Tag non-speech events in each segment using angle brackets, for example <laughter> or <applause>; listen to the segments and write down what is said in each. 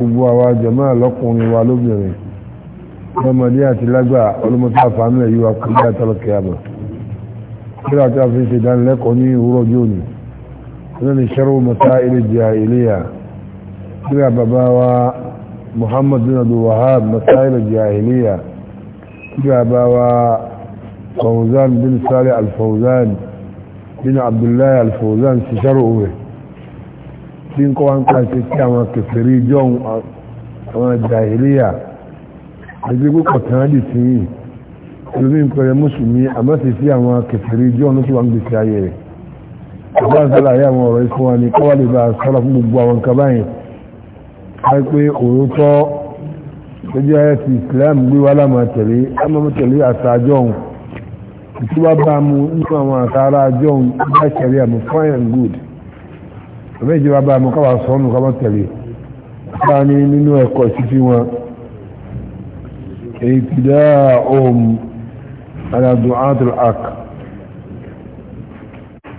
gbogbo àwa jàmáà lọ́kùnrin wa lóbìnrin lọ́mọdé àti lágbà ọlọ́mọdé àfàánú ẹ̀yí wa kú bí àtọ́lọ́kẹ́ àmà kíra tí a fi ń ṣe ìdánilẹ́kọ̀ọ́ ní òwúrọ̀ bí òní ní ní ṣẹ́rọ mọ́ta ilé jẹ́ iléyà kíra bàbá wa Muhammad bin Wahab mọ́ta ilé jẹ́ iléyà kíra bàbá wa Fawzan bin Salih al bin Abdullahi al-Fawzan ṣiṣẹ́rọ òwe tí ń kọ́ wá ń pa ṣe sí àwọn kẹfẹ́rí jọun àwọn jàìríyà ẹgbẹ́ pípọ̀ tán dì sí yìí ẹlòmí ń pẹ̀rẹ̀ mùsùlùmí àmọ́ sì sí àwọn kẹfẹ́rí jọun tó wà ń gbèsè ayé rẹ̀ àbá sọ́lá ayé àwọn ọ̀rọ̀ ìfún wa ni kọ́ wà lè bá sọ́lá fún gbogbo àwọn nǹkan báyìí wáyé pé òótọ́ tó jẹ́ ayé ti Islam gbé wa lámà tẹ̀lé lámà tẹ̀lé àtàjọ́ òun ìtura bá mu nínú àwọn àtàrà àjọ òun bá ṣẹlẹ̀ àmì fine and good ọmọ ìjọba bá mọ́ káwà sọ́nù káwà tẹ̀lé bá ní nínú ẹ̀kọ́ títí wọn ìtìdá ohun aládùn áàtùl ak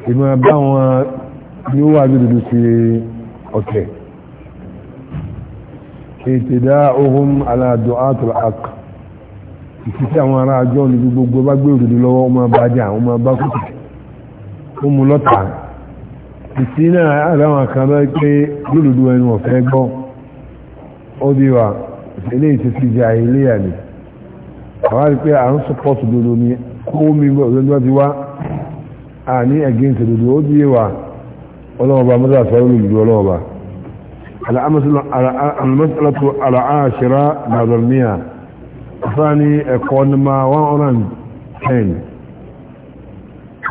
ìmọ̀ bá wọn ní ó wà ní dúdú sí ọ̀tẹ̀ ìtìdá ohun aládùn áàtùl ak ìtìtí àwọn ará àjọ ní gbogbo bá gbé òdòdó lọ́wọ́ wọn máa bá jà wọn ó mú lọ́tàá ìsínà àdáwọn kan lọ pé lódòdó ẹnu ọ̀fẹ́ gbọ́ ó bí wa ilé ìtẹ́sí jẹ́ ilé àlè àwọn àti pé à ń sọpọ́tù dodo ni kó mi bọ̀ lọ́dọ́ ti wá à ní ẹ̀gẹ́ǹtì dodo ó bí wa ọlọ́ọ̀bá mọ́tà sọ olùdó ọlọ́ọ̀bá alamasalatu ala'ashira na zalmiya fani ẹ̀kọ́ nima 110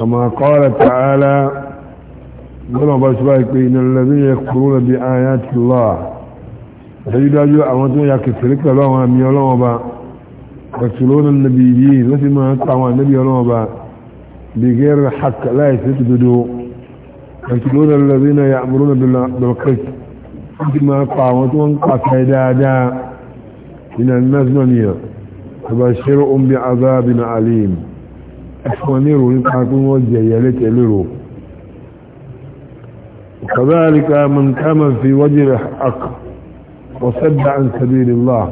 كما قال تعالى لما بسبايك إن الذين يكفرون بآيات الله سيدا جو أمتون يا كفرك الله وأمي الله وبا يقتلون النبيين لسي ما يقطعوا النبي الله وبا بغير الحق لا يسجدوا يقتلون الذين يأمرون بالقسط أنت ما يقطعوا وانقع سيدادا من الناس منيا فبشرهم بعذاب عليم ẹ̀fọn ní ìròyìn kan tí wọ́n jẹ ìyẹ̀lẹ́tẹ̀ lérò وكذلك من كان في وجه الحق وصد عن سبيل الله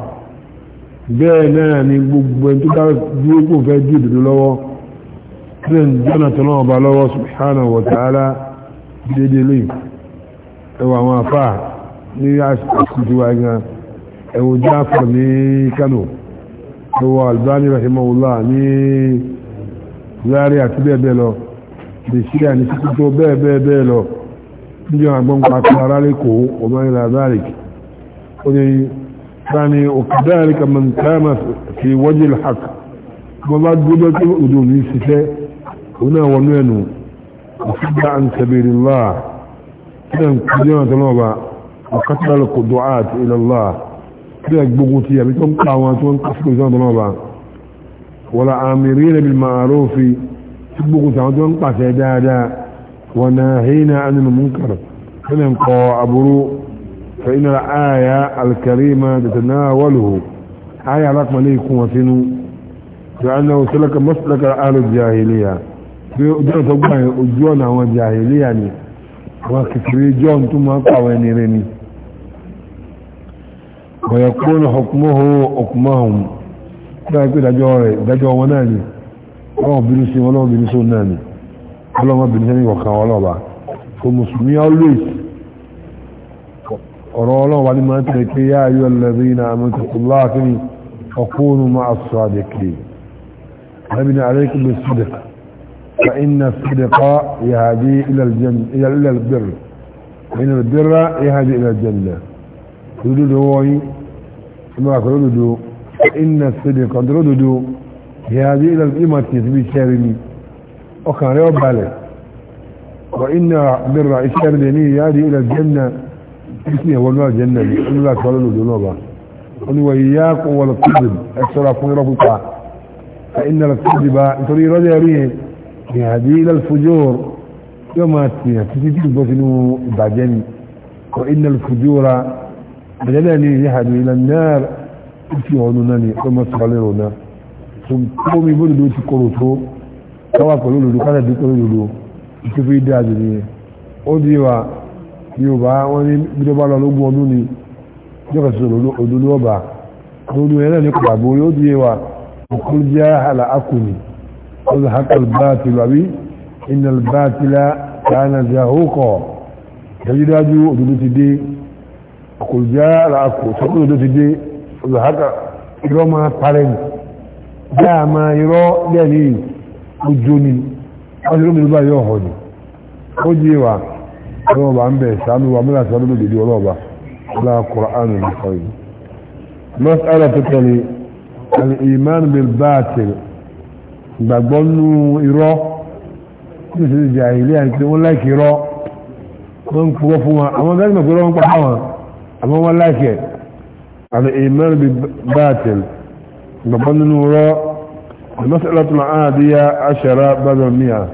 بينا نبوب نتوقف في جد لو كن جنة نوبة لو سبحانه وتعالى جد لي هو ما فاع نياس كتواجا هو جعفر ني كانوا هو الباني رحمه الله ني láàrin àti bẹ́ẹ̀ bẹ́ẹ̀ lọ lè ṣílẹ̀ ní títí tó bẹ́ẹ̀ bẹ́ẹ̀ bẹ́ẹ̀ lọ níjọ àgbọn pàtó ara lẹ́kọ̀ọ́ ọmọ ilẹ̀ àzáríkì ó ní sáni òkúdáríkà mọ̀ káàmà fi wọ́jì lhak mo bá dúró tó òdò ní ṣiṣẹ́ òun náà wọnú ẹnu òfúdà ń sẹbẹ̀rẹ̀ láà kí náà kúrò náà tó lọ́ba ọ̀kátàlù kò dùn àti ilẹ̀ láà kí náà gbógun ti àbí tó ń pa àwọn tó ń kásìkò ìsọ́nà tó lọ́ba والعامرين بالمعروف تبقوا تعودون قاسي دادا وناهينا عن المنكر فننقوا أبرو فإن الآية الكريمة تتناوله آية رقم ليكم وسنو لأنه سلك مسلك أهل الجاهلية بيقدر تقول أجونا هو الجاهلية يعني وكثير جون ثم قوانينني ويكون حكمه حكمهم náà pé ìdájọ́ rẹ̀ ìdájọ́ wọn náà ni ọlọ́wọ́ bínú sí wọn lọ́wọ́ bínú sí wọn náà ni ọlọ́wọ́ bínú sẹ́ni kọ̀ọ̀kan ọlọ́ọ̀bá kò mùsùlùmí always ọ̀rọ̀ ọlọ́wọ́ ni máa ń tẹ̀lé pé yá ayọ́ lẹ́bí na amẹ́tẹ̀kùnlá kí ọkùnù máa sọ àdẹ̀kì lẹ́bí na àríkù sídẹ̀ fa iná sídẹ̀ pa yàhàdí ilẹ̀lbẹ̀rẹ̀ ilẹ̀lbẹ̀rẹ̀ yàhàdí ilẹ̀lbẹ̀rẹ̀ فإن الصدق قد رددوا بهذه إلى الإمة تثبيت شارمي وكان ريوب بالي وإن بر الشارمي هذه يعني إلى الجنة إسمي هو اسمه والله الجنة الله تولد ذنوبا قل وإياك والكذب أكثر أفن رفقا فإن الكذب تري رضي ريه بهذه إلى الفجور يوم تثبيت بسنو بعدين وإن الفجور بدلني يهدي إلى النار ó fi hàn ọ́nà ni ọmọ sọ̀rọ̀ ọ̀nà tó mi bó dodo ti kọ̀rọ̀ tó káwà pẹ̀lú òdodo kájà dé pẹ̀lú òdodo ìtú fi dé àjò nìyẹn ó di wa yorùbá wọn ní gbígbọ́ bá lọ lógún ọdún ni jọ́kọ̀ sí òdodo ọba òdodo yẹn náà ní kọ̀wà borí ó di wa òkú jẹ́ àlà akùnì ó lọ hàkà báàtì làbí iná báàtì kàánà jà hókọ̀ dájúdájú òdodo ti dé òkú jẹ́ àlà akùnì sọ́kùn òdodo ti dé ọ̀dọ̀ haka irọ́ máa parẹ́ ni dáa máa irọ́ lẹ́ẹ̀lẹ́ ojú ni wọ́n ti lómìnira wa ọlọ́ọ̀bà ń bẹ̀ sàánú wa mẹ́ta sàánú ló dèdè ọlọ́ọ̀bà ọlá kùránù al-iman bil ti wa pa الإيمان بالباطل ببن نورا المسألة العادية عشرة بدل مئة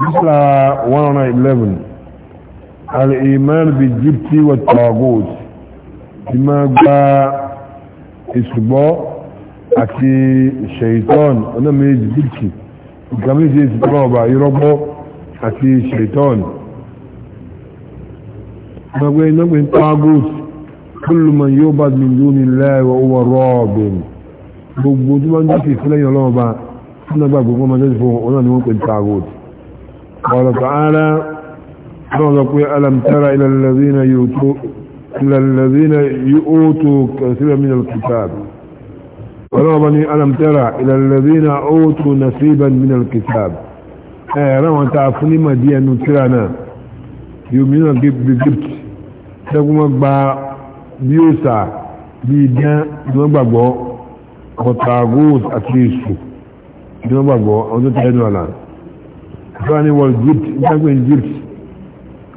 مثل 111 الإيمان بالجبت والطاغوت بما جاء إسبوع أتي الشيطان أنا من الجبت كمان في إسبوع يربو أتي الشيطان نقول نقول طاغوت كل من يعبد من دون الله وهو راب gbogbo tí wọ́n jẹ́ ìfẹ́lẹ́yìn ọlọ́run bá fún ẹgbà gbogbo ọmọdé fún ọ̀nà ni wọ́n pè tààgòd ọ̀rọ̀ tààrà náà lọ pé alamtara ilẹ̀lẹ́zínà yóò tó kẹsílẹ̀ mìíràn kìtàbí ọlọ́run bá ní alamtara ilẹ̀lẹ́zínà ó tó nasíbà mìíràn kìtàbí bí ó sà bí idán ni wọ́n gbàgbọ́ ọ̀tàgóòs àti èṣù ni wọ́n gbàgbọ́ ọdún tó tẹ́lẹ̀ nù àlà ìfẹ́ ni wọ́n egypt ìgbàgbé egypt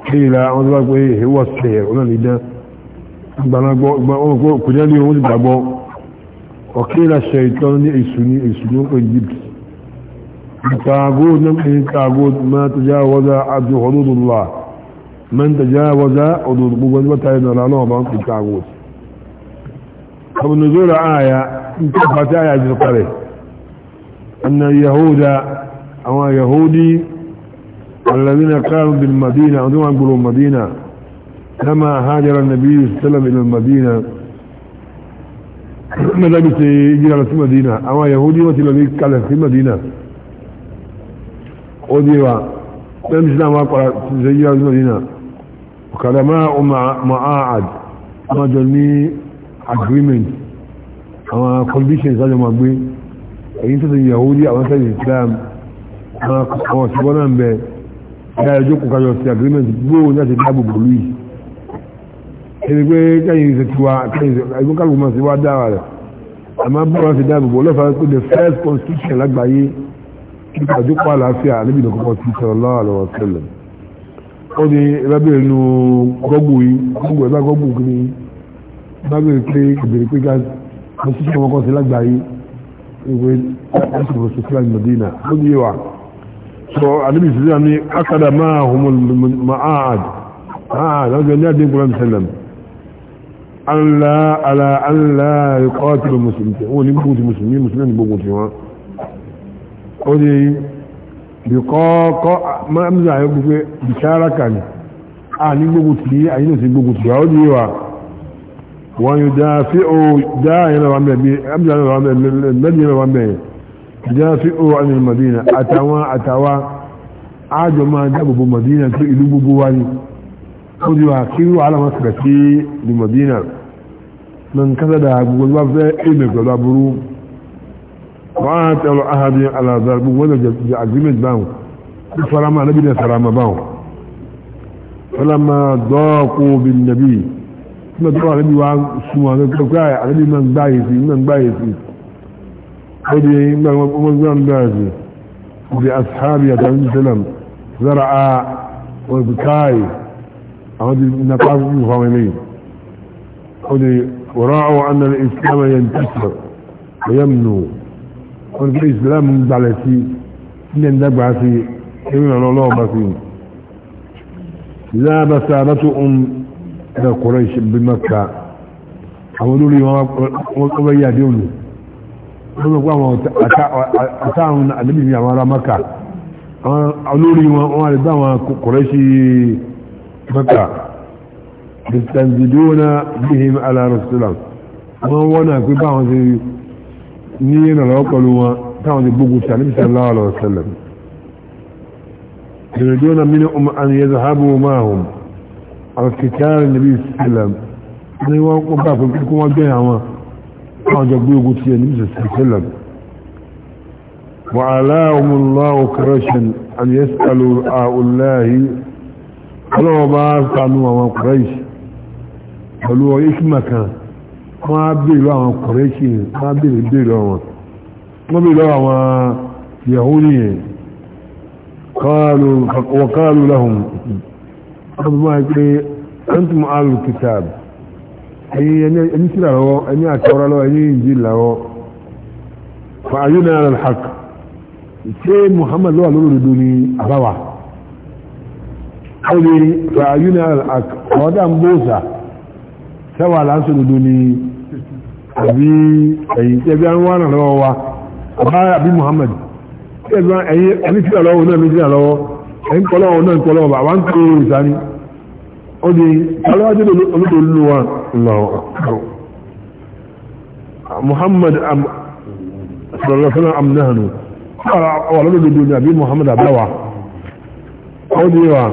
kéèlà wọ́n tó bá pé ìwọ́ sẹ̀ ọ̀nà ìdán gbanagbọ́ kò jẹ́ ní ohun ti gbàgbọ́ ọ̀kéèlà ṣẹ̀tọ́ ní èṣù ní èṣù ní wọ́n egypt ìtàgóòs náà ń pè ní ìtàgóòs máa tó já wọ́dà àti ọ̀dọ́dọ̀ من تجاوز حدود قوة وتعين على نوبة في التعوز قبل نزول آية انتفت آية في القرية أن اليهود أو يهودي الذين كانوا بالمدينة أو دون يقولوا المدينة لما هاجر النبي صلى الله عليه وسلم إلى المدينة <clears throat> ماذا بس يجي في المدينة أو يهودي وتلبي كان في مدينة وديوا لم يسلم أقرأ زي المدينة kàlẹ̀mọ́ ma'áàd ọmọjọ ní agreement àwọn conditions ajọ ma gbé èyí tó ti yahudi àwọn sẹ́yìn islam àwọn ṣùgbọ́n náà bẹ ẹ̀yà ìjókòó kájọ sí agreement gbóò ní àti dáàbò bòlú yìí ẹni pé kẹ́yìn ìṣẹ́ tiwa kẹ́yìn ìṣẹ́ kálùkù máa ṣe wá dára rẹ̀ àmọ́ bọ́ọ̀ ti dáàbò bò lọ́fà pé the first constitution lágbàáyé kíkà jókòó àlàáfíà níbi ìdọ̀kọ́kọ́ sí sallallahu alaihi wasallam wọ́n ní ẹlábẹ̀rẹ̀ nù gọ́gbù yìí gọ́gbù ẹ̀bá gọ́gbù kìíní yìí bá bẹ̀rẹ̀ pé kìbèrè pé gáàsì mo ti sọ ọmọkọ sí lágbàá yìí ìwé ọ̀sọ̀rọ̀ sí fúlàní Medina ó ní wa sọ àdébì sí ní akada máa homo ma'ad ma'ad ah, lọ́jọ́ ní àdín kúrọ̀ mùsùlùm ala ala ala ikọ́ ti lọ mùsùlùm ní gbogbo ti mùsùlùm ní ní gbogbo ti wọn ó ní bìkọ́kọ́ mọ́mílá ayọ́ gbogbo bìkára kàní a ní gbogbo tí ayé ní sí gbogbo tí a ó ní wa wọ́n yóò dá sí o dá ayé lọ́wọ́ mẹ́rin mẹ́rin lọ́wọ́ mẹ́rin dá sí o anil madina àtàwọn àtàwà ájọ máa dá gbogbo madina tó ìlú gbogbo wa ni ó di kí wà á sí ní madina man kásádà gbogbo bá fẹ́ èmẹ̀ pẹ̀lú wọ́n á tẹ̀lọ ahadi alazar gbogbo wọ́n jẹ agreement báwọn kí farama anábì ní farama báwọn fọlọ́mà dọ́ọ̀kú bí nàbí kí wọ́n tọ́wọ́ anábì wá súnmọ́ akẹ́kọ̀ọ́ anábì náà ń gbáyé sí náà ń gbáyé sí ó di ìgbà wọn gbá ń gbáyé sí bí asahabi ọdún islam gbalẹ̀ sí ilẹ̀ ìdàgbà sí ẹ̀rọ ìrànlọ́wọ́ bá sí láàbà sáàbà tó ń ẹ̀rọ Quraysh bí maka àwọn olórí wọn kọ́ bẹ́ yà dé òlù wọ́n mọ̀ pé àwọn wọ́n wọ́n náà pé báwọn ṣe ní ìrànlọ́wọ́ pẹ̀lú wọn táwọn ti gbógun sí àníbi sallallahu alaihi wasallam يريدون منهم أن يذهبوا معهم على قتال النبي صلى الله عليه وسلم ni wọ́n kọ́ bá fún kíkún wọ́n gbẹ̀yà wọn àwọn jọ gbé ogun ti ẹni ìsẹ̀ sẹ́lẹ̀ wà aláwọ̀mùláwọ̀ kẹrẹ́ṣìn àyẹ́sàlò àwòláyé ọlọ́wọ́ bá sànú àwọn kẹrẹ́ṣì pẹ̀lú ọ̀yẹ́kìmọ̀ kan wọ́n á bèèrè àwọn kọ̀rẹ́ṣì wọ́n á bèèrè bèèrè wọn wọ́n bèèrè àwọn yahudi yẹn wọ́kálù láhùn ọdún máa pé ẹntùm alù kìtàb ẹni sílà lọ́wọ́ ẹni àtọ́rọ́ lọ́wọ́ ẹni ìjì lọ́wọ́ fa ayé náà rẹ̀ hàk ṣé muhammad lọ́wọ́ lórí òdodo ni àbáwà ó lè fa ayé náà rẹ̀ hàk ọ̀dà bóòsà sẹ́wà láńsọ̀ òdodo àbí ẹ̀yìn tí ẹbí àwọn wà lọ́wọ́ wa àbá àbí Muhammad tí ẹbí ẹ̀yìn ẹni tí àlọ́wọ́ náà mi tí àlọ́wọ́ ẹ̀yìn kọlọ́wọ́ náà kọlọ́wọ́ bá wọ́n kọ́ ìsáni ó di alọ́wọ́dé olódò ló wa lọ́wọ́ Muhammad sọ̀rọ̀lọ́sọ́nà amúnáhànú wà lọ́dọ̀dọ̀ ní àbí Muhammad àbáwà ó di wa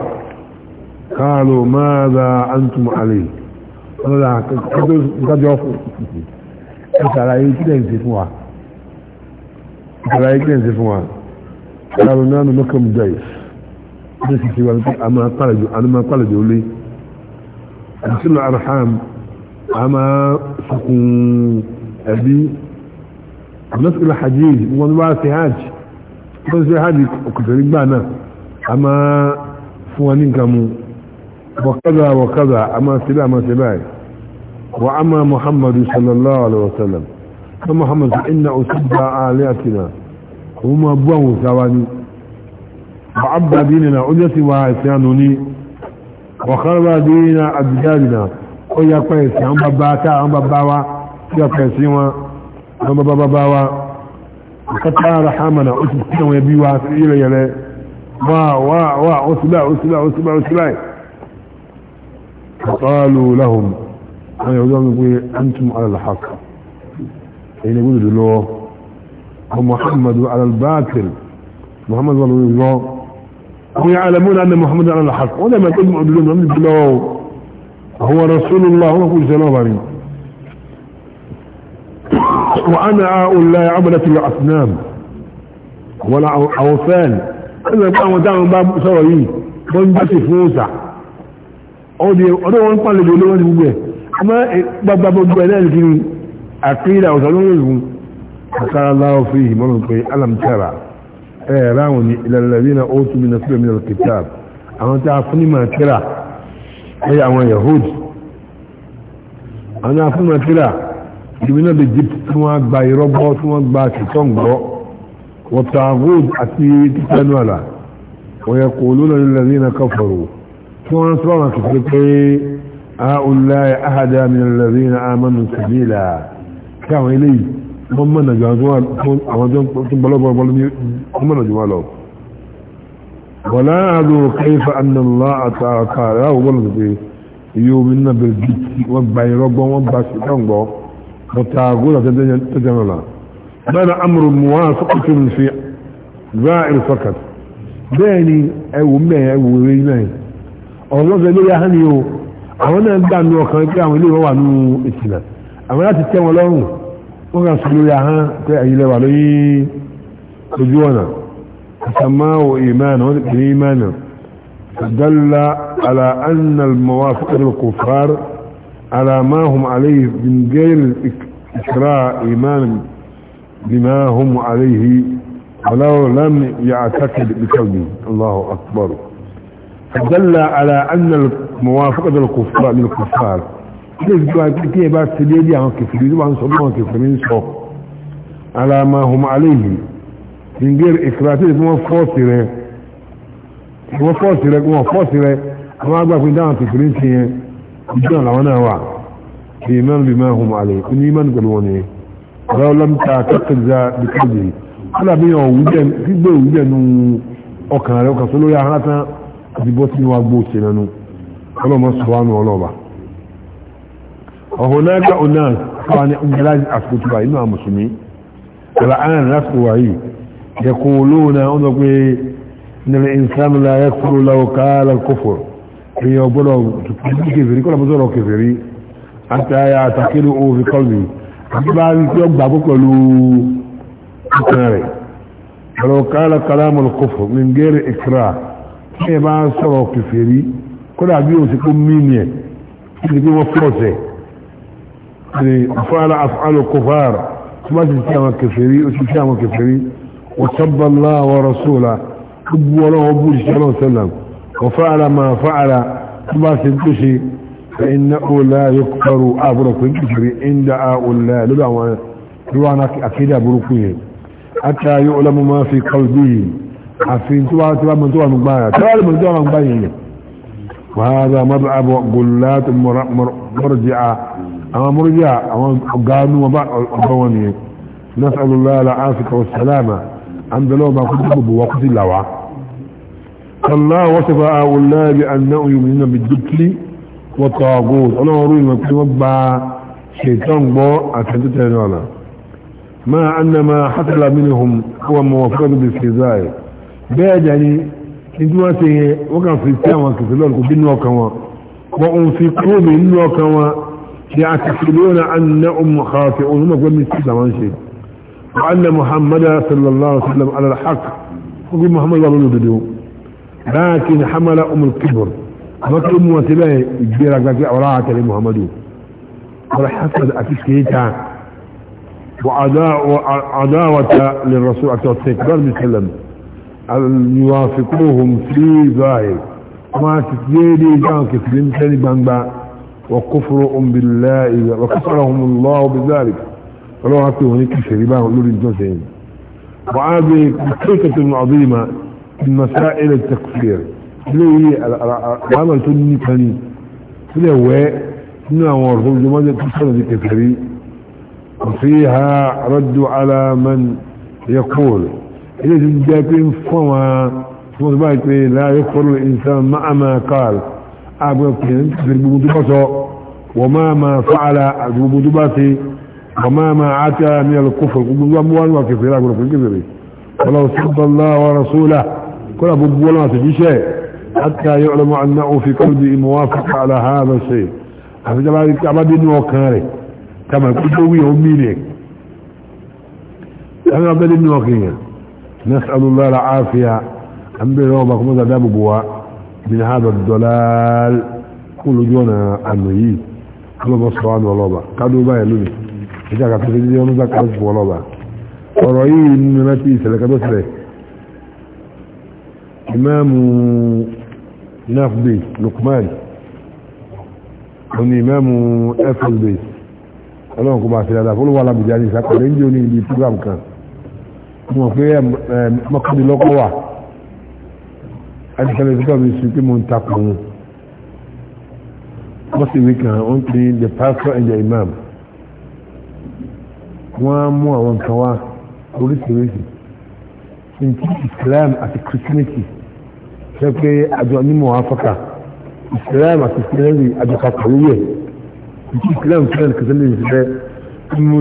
قالوا ماذا أنتم عليه قالوا لا كذب ẹ sàlàyé kí lè fún wa sàlàyé kí fún wa kàrò náà ní ṣe ṣe ní a máa pàlàjò a arham a máa sọkùn wọn wá sí hajj wọ́n sí gbà náà a máa fún wa ní nǹkan a máa a máa báyìí وعما محمد صلى الله عليه وسلم فمحمد إن أسبى آلياتنا وما أبوه ثواني وعبى ديننا أجتي وعسيانني وخرب ديننا أجدادنا ويقوى يسيان بباتا عن بباوا يقوى يسيان عن بباوا وكتا رحمنا أسبتنا ويبيوا إلى يلي وا وا وا أسبع أسبع أسبع أسبع فقالوا لهم أنا يقولون يقولون أنتم على الحق أين يقولون له هم محمد على الباطل. محمد على الله هم يعلمون أن محمد على الحق وده ما تجمع بلون محمد بلون هو رسول الله هو كل سلام عليكم وأنا أقول لا عملة الأصنام ولا أوفان أنا بقى وداعم بقى مؤسوري بقى مؤسوري فوسع أودي أدوان قال لي لون بقى ọmọ eh, gbogbo gbogbo ẹ̀ náà kiri àkíyà ọ̀sán lórí ìlú àkàrà láwọ́ fi ìmọ̀ràn pé alamtara ẹ̀ ráhùn ní ìlàlẹ́rí na ó tún nínú sílẹ̀ mìíràn kìtà àwọn tí a fún ní màtíra ẹ̀ àwọn yahood àwọn afún màtíra ìlú náà lè jí tí wọ́n gba irọ́ gbọ́ tí wọ́n gba ṣìtọ́ gbọ́ wọ́tàgóòd àti títẹnu àlà wọ́n yẹ kò lónà ìlàlẹ́rí na kọfọ̀rọ̀ tí wọ́n sọ́rọ̀ هؤلاء أحدا من الذين آمنوا سبيلا كانوا إلي ممنا جوازوان أمازون تنبلوب وبلوب ممنا جوالوب ولا أدو كيف أن الله تعالى قال لا أقول لك يؤمن بالجد وبعي ربهم وبعشتهم وتعقول تجملا بل أمر موافقة في ذائر فقط بيني أو مي أو ريمي الله زي لي أهني àwọn náà gbà nù ọkàn pé àwọn ilé ìwọ́ wà nù ìsìnà àwọn láti tẹ́ wọn lọ́rùn wọ́n kà sọ lórí ahán pé àyílẹ̀ wà lórí ojú ọ̀nà àtàmáwò ìmáàna wọ́n ti pè ní ìmáàna فدل على أن الموافقة الكفار على ما هم عليه من غير إكراء إيمان بما هم عليه ولو لم يعتقد بقلبه الله أكبر فدل على أن موافقة الكفار للكفار كيف بقى تليلي عن كفر يجب أن صدوا عن كفر من سوق على ما هم عليه من غير إكراتي هو فاصلة هو فاصلة هو فاصلة أما أبقى كنت عن كفر من سيئة بجان لونا هو إيمان بما هم عليه كن إيمان قلوني لو لم تعتقد ذا بقلبه على بيان وجن في بيان وجن أكنا لو كسلوا يا هاتا بيبوتني واقبوسي لنو ọlọ́mọ sọ̀wánù ọlọ́ba ọ̀hún náà gbà ọ̀nà wà ní ọ̀gbẹ̀láàjì àsìkò tó báyìí náà mùsùlùmí ẹ̀rọ àárín lásìkò wà yìí yẹ̀kùn olóòna ọ̀nà pé nílẹ̀ ìsìlámù la yẹ kúrò láwọ káàlà kófò èèyàn gbọ́dọ̀ kèfèrí kọ́lá mọ́tò kèfèrí àti àyà àtàkìlù òfin kọ́lù àti bá rí kódà bí o ti kó mímì ẹ̀ kí ni kí wọ́n fọ́ọ̀sẹ̀ ni afáàlà afáàlù kófàr tí wọ́n ti ti àwọn kẹfẹ́rí o ti ti àwọn kẹfẹ́rí wọ́n sábàlá wa rasúlà gbogbo ọlọ́wọ́ bú ìṣẹ́ náà sẹ́lẹ̀ wọ́n fáàlà máa fáàlà tí wọ́n ti tó ṣe فإن أولا يكفروا أبرك الكفر عند أولا لدعوانا دعوانا أكيدا بركوه حتى يعلم ما في قلبه عفين تبع تبع من تبع مقبانا تبع من تبع مقبانا وهذا مضعب قلات مرجعة أما مرجعة أما قالوا وبعض نسأل الله العافية والسلامة عند لهم كتب بوقت اللوعة فالله وصف هؤلاء بأنه يؤمنون بالدكل والطاغوت أنا أريد ما كنت وبع شيطان بو تنوانا ما أن ما حصل منهم هو موافقة بالفضاء بعد يعني nítorí wọ́n ṣe yẹn wọ́n kàn fi sí àwọn kìtì lọ́nà kò bínú ọkàn wọn wọ́n ń fi kúrò mi nínú ọkàn wọn ṣe àtìkìlónà àná ọmọ kàwàfẹ́ òun mọ̀ pé mi sí làwọn ṣe wọ́n anna muhammadu sallallahu alaihi wa sallam alalhaq wọ́n fi muhammadu wọn lòdòdó láàkín hamala ọmọ kibur àwọn kí mú wọn sílẹ̀ ìgbéra gbàgbé àwọn àtẹlẹ muhammadu wọ́n hasad àti kéèta wọ́n adáwọ̀ta lè rasul àti ọ̀tẹ̀ kí wọ́n mi sẹ́lẹ̀ mi يوافقوهم في ظاهر ما تتجيلي جان كفلين تاني بانبا وكفرهم بالله وكفرهم الله بذلك ولو عطيه هناك شريبان ولولي الجنسين وهذه حقيقة عظيمة من مسائل التكفير ليه العمل تني كاني ليه هو إنه ورثون جمال تسنة الكفري وفيها رد على من يقول لازم جايبين فما فما لا يكفر الانسان مع ما قال وما ما فعل وما ما اتى من الكفر كفر كفر ولو صد الله ورسوله كل ابو حتى يعلم انه في قلبه موافق على هذا الشيء هذا ما يتعبد نوكاري كما كتبوا يومينك أنا أبدأ من وقيني نسأل الله العافية أنبي ربك ماذا داب من هذا الضلال كل جونا أنوي كل بصران ولوبا قالوا با يلوني إذا كنت تجد يوم ذاك أسف ولوبا ورأيه من ماتي سلك بسره إمام نافبي لقمان òní ìmẹ́mù fsb ọlọ́run kò bá ṣe dáadáa fún olúwa alábùjá ní ìsàkọ̀lẹ́ ń jẹ́ oní mọ̀ pé mọ́kànlélọ́kọ́ wà ẹnikẹ́ni tó kọ́ni sí pé mo ń takò kan ó ń pè the pastor and the imam wọ́n á mú àwọn nǹkan wá oríṣiríṣi nti Islam àti Christianity ṣe pé àjọ onímọ̀ afọ́kà Islam àti Christianity àjọ kàkàwé yẹ nti Islam fẹ́ràn Christianity bẹ́ẹ̀ mú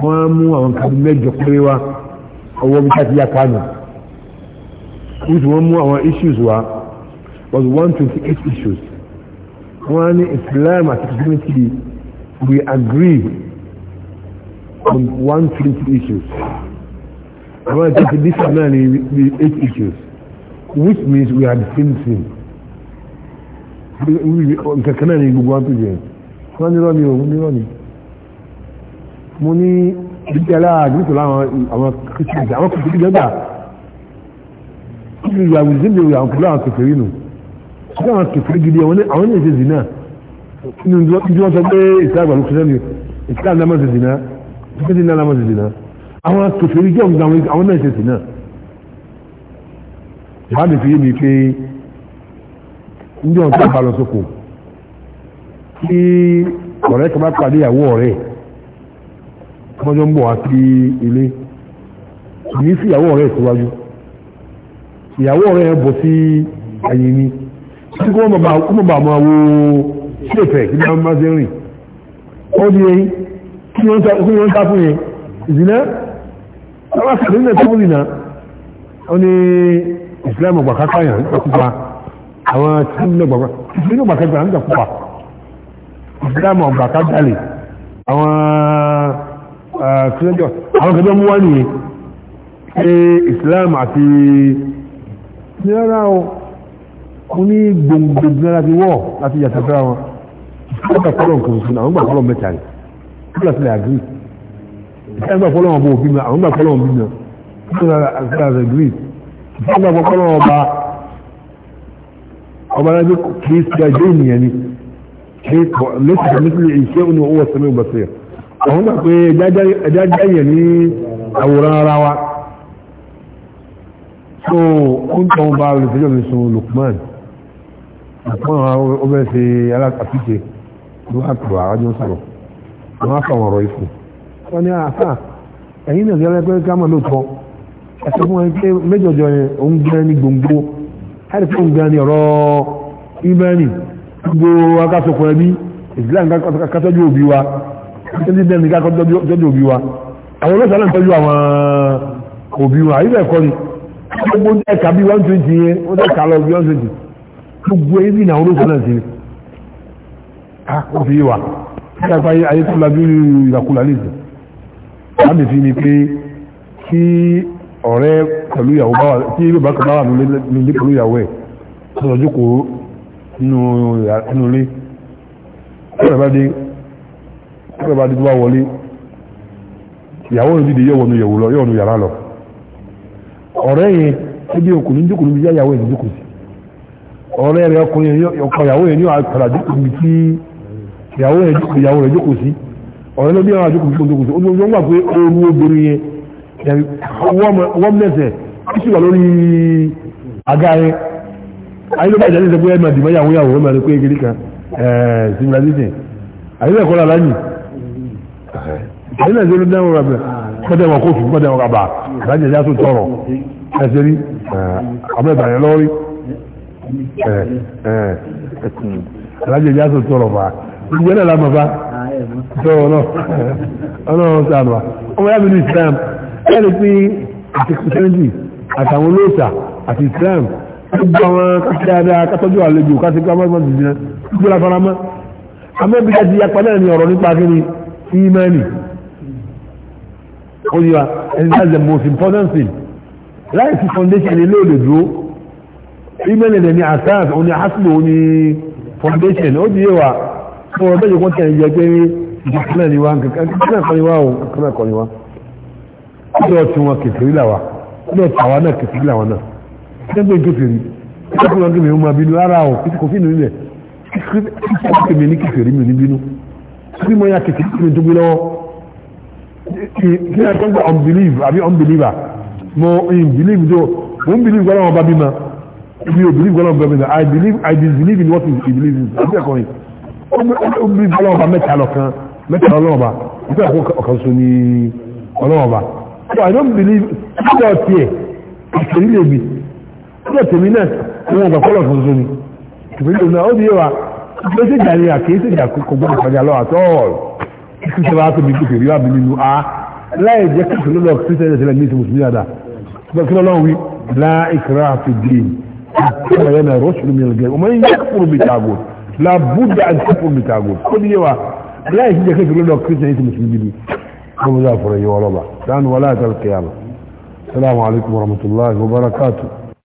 wọ́n mú àwọn kan mẹ́jọ péré wá ọwọ́ bí káàkiri àkánù which wọ́n mú àwọn issues wá was 128 issues wọ́n ní Islam àti Christianity we agree on 120 issues àwọn ìtàkì dísà náà ni the 8 issues which means we are the same thing nǹkan kan náà ni gbogbo wọn tó jẹ wọ́n ní rọ́ ni òun ní rọ́ mo ní ìdíkẹ́lá àgbẹ̀tọ̀ láwọn àwọn kìtìkìtì àwọn kìtìkìtì lọ́gbà kìtìkìtì ìyàwó ìdílé ìyàwó àwọn kìtìkìtì àwọn kìtìkìtì nù sí àwọn kìtìkìtì gidi àwọn ní àwọn ní èsè zì náà nínú ìdí wọn sọ pé ìsìlá àgbàlú kìtìkìtì ni ìsìlá àdámọ̀ zì náà kìtìkìtì náà àdámọ̀ zì náà àwọn kìtìkìtì jẹ́ òǹgbà àwọn náà èsè zì náà ìbáàdì fi yé mi pé ndí ọ̀n tó bá lọ sóko kí ọ̀rẹ́ kan bá pàdé ìyàwó ọ̀rẹ́ ẹ̀ ọmọjọ́ ń bọ̀ wá sí ilé ní sí ìyàwó ọ̀rẹ́ ìsíwájú ìyàwó ọ̀rẹ́ ẹ̀ bọ̀ sí ẹ̀yìn mi tí kò mọ̀ bá máa wo ṣèfẹ̀ kí wọ́n máa ṣe rìn ó di eyín kí wọ́n ń sá fún yẹn ìdílé ọlá sàdé nílẹ̀ tó múlì náà ó ní ìsìlámù gbàkákà yàn nípa pípa àwọn tìlú gbàgbà ìsìlámù gbàkákà yàn nípa pípa ìsìlámù gbàkákà dalè àwọn kílẹ́jọ́ àwọn kẹjọ́ mú wá nìyẹn ṣe Islam àti nírárá o kò ní gbòǹgbòǹgbò láti wọ́ láti yàtọ̀ fẹ́ra wọn ìfọ́nà fọ́lọ̀ nǹkan sùn àwọn gbà fọ́lọ̀ mẹ́ta rẹ̀ kí lọ́sẹ̀ lè àgírí ìfẹ́ gbà fọ́lọ̀ ọ̀bọ̀ òbí mi àwọn gbà fọ́lọ̀ òbí mi kí lọ́sẹ̀ lè àgírí ìfẹ́ gbà fọ́lọ̀ ìṣẹ́ òun owó ọ̀sẹ̀ mẹ́wàá àwọn gbà pé ẹjá jẹ́yẹ̀ ní àwòrán ara wa so oún tó ń bá olùsẹ́jọ́ mi sun Lukman Lukman ọbẹ̀ ṣe alákàtúnṣe ló wà pẹ̀lú àwájọ́ sọ̀rọ̀ wọ́n á sọ̀rọ̀ ọ̀rọ̀ ìfún wọ́n ní àṣà ẹ̀yìn náà yára pé ká mọ̀ lóòótọ́ ẹ̀sẹ̀ fún wọn pé méjọjọ yẹn òun gan ní gbòǹgbò láti fún òun ní ọ̀rọ̀ ìmẹ́rin gbogbo akásokùn ẹbí ìsìlẹ̀ akásọ́jú òbí wa títí dẹ́mi ká tọ́jú òbí wa àwọn olóṣèlú náà tọ́jú àwọn òbí wa àyíká ẹ̀kọ́ ni gbogbo ẹ̀ka bíi one twenty yẹn wọ́n tẹ̀ ká lọ bíi one twenty gbogbo ẹ̀yìn bíi àwọn olóṣèlú náà ti rí a kò fi wà nígbà pé ayé tó lajú ìyàkúlà lè sùn láti fi ni pé kí ọ̀rẹ́ pẹ̀lú ìyàwó bá wà tí ìlú bákan bá wà nílé pẹ̀lú ìyàwó ẹ̀ lọ́jọ́ kó nínú ilé ọ̀rẹ́ bá dé ẹgbẹ́ bá dídú wá wọlé ìyàwó rẹ̀ dìde yóò wọnú yẹ̀wò lọ yóò wọnú yàrá lọ ọ̀rẹ́ yẹn ẹbí ọkùnrin jókòó níbi yáyàwó yẹn jókòó sí ọ̀rẹ́ rẹ̀ ọkùnrin ọkọ ìyàwó yẹn ní àpàdà jókòó níbi tí ìyàwó yẹn jókòó ìyàwó rẹ̀ jókòó sí ọ̀rẹ́ lóbi àwọn àjókòó níbi jókòó sí ojú ọjọ́ ń gbà pé ooru obìnrin yẹn wọ́n mẹ́sẹ̀ ó sì wà lórí àga yẹn ayé ló bá ìjà ní ìsẹ́gbẹ́ ẹ̀mà dìmọ́ yàwó yàwó ẹ̀mà rẹ̀ pé kékeré kan ẹ̀ẹ́ civilization ayé lẹ́kọ́ ìṣẹ̀lẹ̀ ìṣẹ̀lẹ̀ dẹ́rù rẹ̀ pẹ́tẹ́ wọn kóòtù pẹ́tẹ́ wọn kaba ìdájẹ́ ìjà tó tọrọ ẹsẹ̀ rí abẹ́ta yẹn lọ́rí ìdájẹ́ ìjà tó tọrọ fa ìgbẹ́ náà lámà fa tọrọ náà ọlọ́run sànù wa ọmọ yàrá mi ní Islam ẹni pé àti kìtẹ́ńtì àtàwọn olóòṣà àti Islam gbogbo àwọn kásídáadáa kátọ́jú àlejò kásíkà mọ́tò jìnnà gbogbo la fara mọ́ àmọ́ ibi ká ti yapa náà ni ọ̀rọ̀ nípa kí ni ìmánì oyiwa and that's the most important thing life foundation ilé ò dúró email ẹ̀dẹ̀ ni asas òun ni aslo foundation ó di yé wa fún ọ̀rọ̀ bẹ́ẹ̀ wọ́n tẹ̀lé jẹ́ pé ìjọsílẹ̀ ni wa kíkẹ́ ẹ̀kọ́ ni wa o kíkẹ́ ẹ̀kọ́ ni wa ọjọ́ tí wọn kẹfìrí làwà ọjọ́ tàwa náà kẹfìrí làwà náà ṣé pé kẹfìrí ṣé pé wọn kẹfìrí mú abínú ara o kò sí nínú rẹ̀ kẹfìrí mi ní kẹfìrí mi ní bínú kí mo ya kẹfìrí mi tó gbé lọ́wọ́ kí ẹ tó ń gba unbelief àbí unbeliever mo in believe. Do mo ń believe? gbọ́dọ̀ wọn bá bí ma mi ò belief gbọ́dọ̀ wọn bá bí I believe I disbelieve in what he believe in àbí ẹ̀kọ́ yìí ó belief gbọ́dọ̀ wọn bá mẹ́ta lọ kan mẹ́ta lọ lọ́wọ́ bá ìgbà kó ọ̀kan so ní ọlọ́wọ́ bá so I don't believe ṣíkọ̀ tiẹ̀ ìṣèlú lè bi ṣíkọ̀ tèmi náà wọn ò gbà kọ́lọ̀ kan so ni ìṣèlú lè bi náà ó di yẹ wa ìṣèlú ìjà ni àkíyèsí ìjà kò gbọ́dọ̀ kọjá lọ́wọ́ àtọ́ọ̀lù kí sábà tó bí kékeré wà bí nínú a láì jẹ́ kí sọ́lọ́ lọ kí sẹ́yìn sẹ́lẹ̀ ní ìsìn mùsùlùmí àdá ṣùgbọ́n kí lọ́wọ́ wí láìkìrá fi dín kí wọ́n yẹn náà rọ́ṣùlùmí ẹ̀lẹ́gẹ́ ọmọ yẹn yẹ kúrò bí tààgò làbúdà àti kúrò bí tààgò ó ní yẹ wa láì jẹ́ kí sọ́lọ́ lọ kí sẹ́yìn sẹ́lẹ̀ mùsùlùmí bí kọ́mọ́ sáfọ̀rọ̀ yẹ wọ́n lọ́ba sáà